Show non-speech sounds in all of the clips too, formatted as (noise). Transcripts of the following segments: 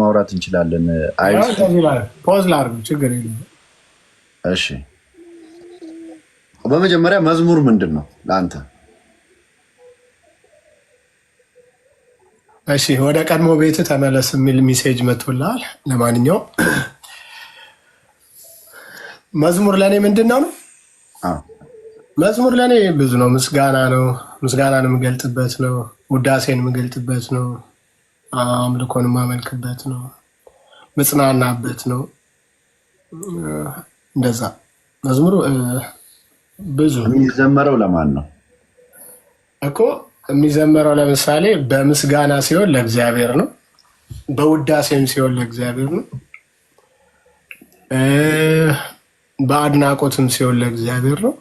ማውራት እንችላለን። ፖዝ ላድርግ፣ ችግር የለም። እሺ፣ በመጀመሪያ መዝሙር ምንድን ነው ለአንተ? እሺ፣ ወደ ቀድሞ ቤት ተመለስ የሚል ሚሴጅ መቶላል ለማንኛውም መዝሙር ለእኔ ምንድን ነው ነው መዝሙር ለእኔ ብዙ ነው። ምስጋና ነው። ምስጋናን የምገልጥበት ነው። ውዳሴን የምገልጥበት ነው። አምልኮን ማመልክበት ነው፣ መጽናናበት ነው። እንደዛ መዝሙሩ ብዙ የሚዘመረው ለማን ነው እኮ? የሚዘመረው ለምሳሌ በምስጋና ሲሆን ለእግዚአብሔር ነው። በውዳሴም ሲሆን ለእግዚአብሔር ነው። በአድናቆትም ሲሆን ለእግዚአብሔር ነው።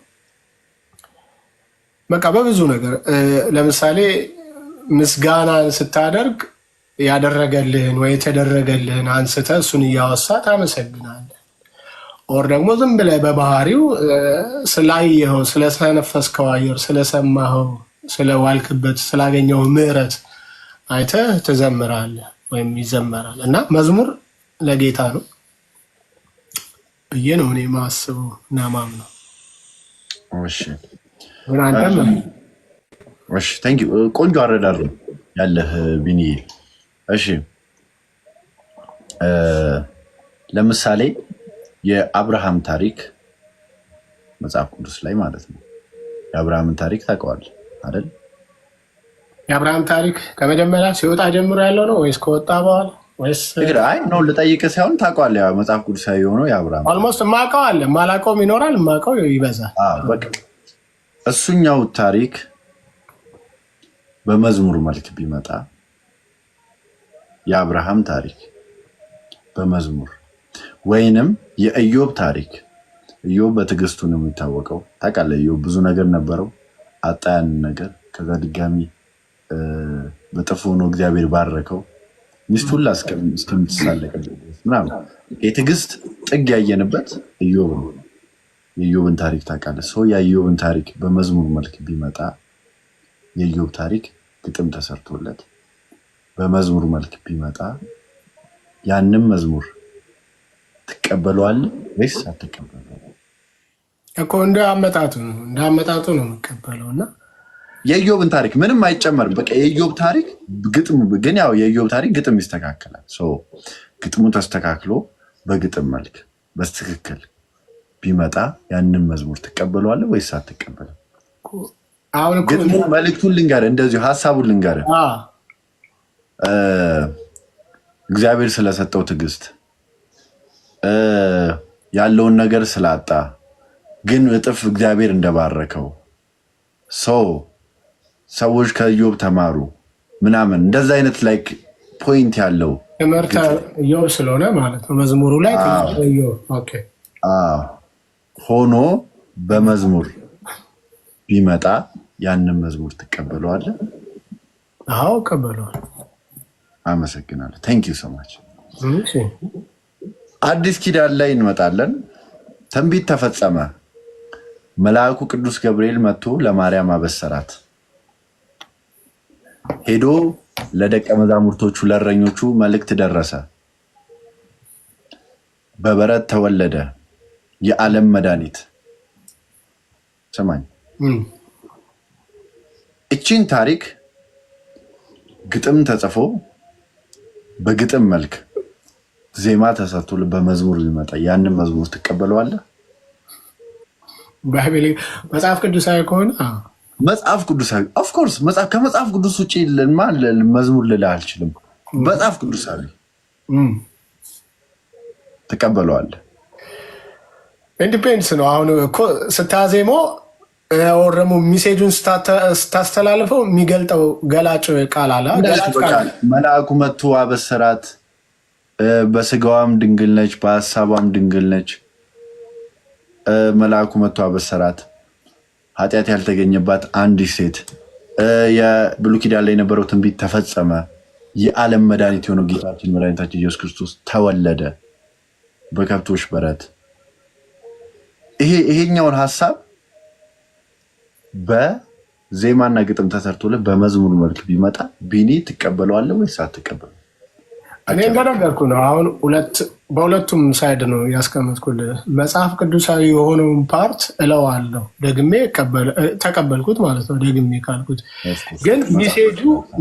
በቃ በብዙ ነገር ለምሳሌ ምስጋናን ስታደርግ ያደረገልህን ወይ የተደረገልህን አንስተ እሱን እያወሳ ታመሰግናለህ። ኦር ደግሞ ዝም ብለህ በባህሪው ስላየኸው፣ ስለተነፈስከው አየር፣ ስለሰማኸው፣ ስለዋልክበት፣ ስላገኘው ምሕረት አይተህ ትዘምራለህ ወይም ይዘመራል እና መዝሙር ለጌታ ነው ብዬ ነው እኔ ማስቡ እና ነው። ቆንጆ አረዳር ያለህ ቢኒዬ እሺ ለምሳሌ የአብርሃም ታሪክ መጽሐፍ ቅዱስ ላይ ማለት ነው። የአብርሃምን ታሪክ ታውቀዋለህ አይደል? የአብርሃም ታሪክ ከመጀመሪያ ሲወጣ ጀምሮ ያለው ነው ወይስ ከወጣ በኋላ ወይስ? አይ ነው ልጠይቅ ሳይሆን ታውቀዋለህ። መጽሐፍ ቅዱሳዊ የሆነው የአብርሃም ኦልሞስት ማውቀው አለ፣ ማላውቀውም ይኖራል፣ ማውቀው ይበዛል። እሱኛው ታሪክ በመዝሙር መልክ ቢመጣ የአብርሃም ታሪክ በመዝሙር ወይንም የእዮብ ታሪክ። እዮብ በትዕግስቱ ነው የሚታወቀው። ታውቃለህ፣ እዮብ ብዙ ነገር ነበረው፣ አጣ ያንን ነገር። ከዛ ድጋሚ በጥፎ ሆኖ እግዚአብሔር ባረከው፣ ሚስቱ ሁላ እስከምትሳለቅ ምናምን። የትዕግስት ጥግ ያየንበት እዮብ ነው። የኢዮብን ታሪክ ታውቃለህ። ሰው የኢዮብን ታሪክ በመዝሙር መልክ ቢመጣ የእዮብ ታሪክ ግጥም ተሰርቶለት በመዝሙር መልክ ቢመጣ ያንም መዝሙር ትቀበሏል ወይስ አትቀበሉ? እኮ እንደ አመጣቱ ነው እንደ አመጣቱ ነው የምቀበለው እና የኢዮብን ታሪክ ምንም አይጨመርም። በቃ የኢዮብ ታሪክ ግጥም ግን ያው የኢዮብ ታሪክ ግጥም ይስተካከላል። ግጥሙ ተስተካክሎ በግጥም መልክ በትክክል ቢመጣ ያንም መዝሙር ትቀበለዋለህ ወይስ አትቀበልም? ግጥሙ መልክቱን ልንገርህ፣ እንደዚሁ ሀሳቡን ልንገርህ እግዚአብሔር ስለሰጠው ትዕግስት ያለውን ነገር ስላጣ ግን እጥፍ እግዚአብሔር እንደባረከው ሰው ሰዎች ከዮብ ተማሩ ምናምን እንደዚ አይነት ላይክ ፖይንት ያለው ትምህርተ ስለሆነ ማለት ነው። መዝሙሩ ላይ ሆኖ በመዝሙር ቢመጣ ያንን መዝሙር ትቀበለዋለህ? አዎ እቀበለዋለሁ። አመሰግናለሁ። ታንኪዩ ሶማች። አዲስ ኪዳን ላይ እንመጣለን። ትንቢት ተፈጸመ። መልአኩ ቅዱስ ገብርኤል መጥቶ ለማርያም አበሰራት። ሄዶ ለደቀ መዛሙርቶቹ ለእረኞቹ መልእክት ደረሰ። በበረት ተወለደ የዓለም መድኃኒት። ስማኝ፣ እቺን ታሪክ ግጥም ተጽፎ በግጥም መልክ ዜማ ተሰርቶ በመዝሙር ሊመጣ ያንን መዝሙር ትቀበለዋለህ? መጽሐፍ ቅዱሳዊ ከሆነ መጽሐፍ ቅዱሳዊ ኦፍኮርስ። ከመጽሐፍ ቅዱስ ውጭ ልማ መዝሙር ልልህ አልችልም። መጽሐፍ ቅዱሳዊ ትቀበለዋለህ? ኢንዲፔንድስ ነው። አሁን እኮ ስታዜሞ ወር ደግሞ ሚሴጁን ስታስተላልፈው የሚገልጠው ገላጭ ቃል አለ። መልአኩ መጥቶ አበሰራት። በስጋዋም ድንግል ነች፣ በሀሳቧም ድንግል ነች። መልአኩ መጥቶ አበሰራት። ኃጢአት ያልተገኘባት አንዲት ሴት የብሉይ ኪዳን ላይ የነበረው ትንቢት ተፈጸመ። የዓለም መድኃኒት የሆነው ጌታችን መድኃኒታችን ኢየሱስ ክርስቶስ ተወለደ በከብቶች በረት። ይሄኛውን ሀሳብ በዜማና ግጥም ተሰርቶልህ በመዝሙር መልክ ቢመጣ ቢኒ ትቀበለዋለህ ወይስ አትቀበለው? እኔ እንደነገርኩ ነው። አሁን በሁለቱም ሳይድ ነው ያስቀመጥኩልህ። መጽሐፍ ቅዱሳዊ የሆነውን ፓርት እለዋለሁ ደግሜ ተቀበልኩት ማለት ነው። ደግሜ ካልኩት ግን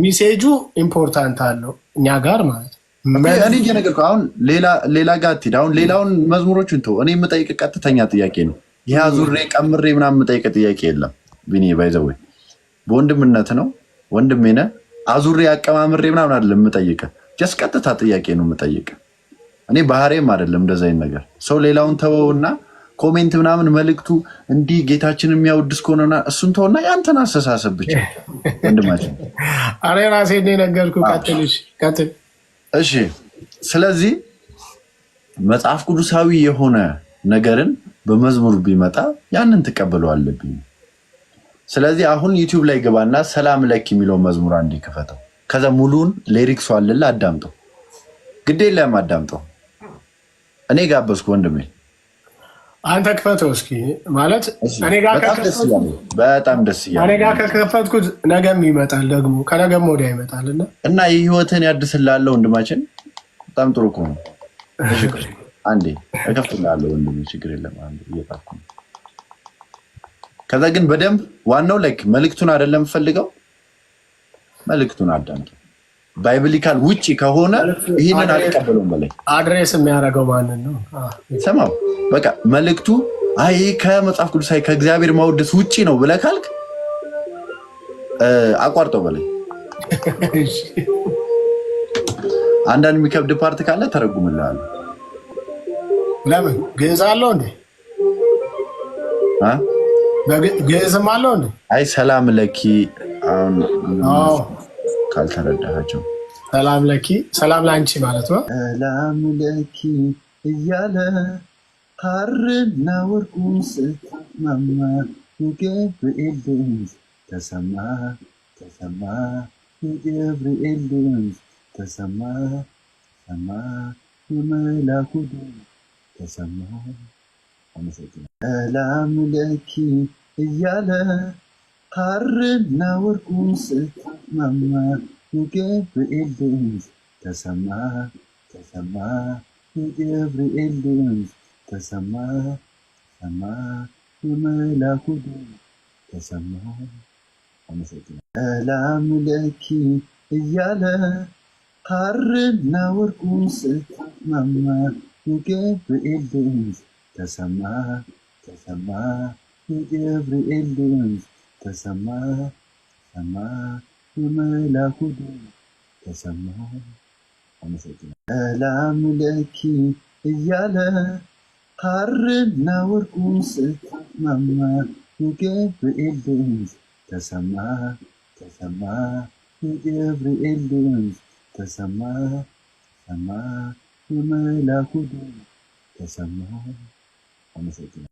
ሚሴጁ ኢምፖርታንት አለው እኛ ጋር ማለት ነው። እኔ እየነገርኩህ አሁን ሌላ ጋር ትሄድ። አሁን ሌላውን መዝሙሮችን ተው። እኔ የምጠይቅ ቀጥተኛ ጥያቄ ነው። ይህ ዙሬ ቀምሬ ምናምን የምጠይቅ ጥያቄ የለም። ቢኒ ባይዘወ በወንድምነት ነው ወንድሜ ነህ። አዙሬ አቀማምሬ ምናምን አይደለም የምጠይቅህ፣ ጀስ ቀጥታ ጥያቄ ነው የምጠይቅህ። እኔ ባህሬም አይደለም እንደዚ አይነት ነገር። ሰው ሌላውን ተወውና ኮሜንት ምናምን መልእክቱ እንዲህ ጌታችን የሚያወድስ ከሆነና እሱን ተወና ያንተን አስተሳሰብ ብቻ ወንድማችን። (laughs) አሬ ራሴ ነገርኩህ። ቀጥል እሺ። ስለዚህ መጽሐፍ ቅዱሳዊ የሆነ ነገርን በመዝሙር ቢመጣ ያንን ትቀበለዋለብኝ ስለዚህ አሁን ዩቲዩብ ላይ ግባና ሰላም ለክ የሚለው መዝሙር አንድ ክፈተው። ከዛ ሙሉን ሌሪክሱ አለላ አዳምጠው። ግዴ ለም አዳምጠው። እኔ ጋበዝኩ ወንድሜ፣ አንተ ክፈተው እስኪ። ማለት እኔ በጣም ደስ እያለ እኔ ጋር ከከፈትኩት ነገም ይመጣል፣ ደግሞ ከነገም ወዲያ ይመጣል እና እና የህይወትን ያድስላለው ወንድማችን። በጣም ጥሩ እኮ ነው። አንዴ እከፍትላለሁ ወንድሜ፣ ችግር የለም። አንዴ ነው ከዛ ግን በደንብ ዋናው ላይክ መልእክቱን አይደለም ፈልገው መልእክቱን አዳምጡ። ባይብሊካል ውጪ ከሆነ ይህንን አልቀበለውም በላይ አድሬስ የሚያደርገው ማንን ነው? ሰማው በቃ መልእክቱ አይ ከመጽሐፍ ቅዱስ ይ ከእግዚአብሔር ማወደስ ውጪ ነው ብለህ ካልክ አቋርጠው በላይ (laughs) አንዳንድ የሚከብድ ፓርት ካለ ተረጉምልሃል። ለምን ግዕዝ አለው እንዴ? ግዕዝም አለው እንዴ? አይ ሰላም ለኪ አሁን ካልተረዳቸው ሰላም ለኪ ሰላም ለአንቺ ማለት ነው። ሰላም ለኪ እያለ ሐርና ወርቁን ስትማማ የገብርኤል ድምፅ ተሰማ ተሰማ የገብርኤል ድምፅ ተሰማ ተሰማ የመላኩ ድምፅ ተሰማ። አመሰግናለሁ። سلام لك إيالا قرنا ورقوم ستماما وقبل اللينز تسمى تسمى وقبل اللينز تسمى تسمى وملاك دون تسمى سلام لك إيالا قرنا ورقوم ستماما وقبل اللينز تسمى تسمع في جبري إلينز تسمع سمع في ملاك تسمع سلام لك يا لا قرنا ورقوس ماما وجبري إلينز تسمع تسمع في جبري إلينز تسمع سمع في ملاك تسمع 我们再见。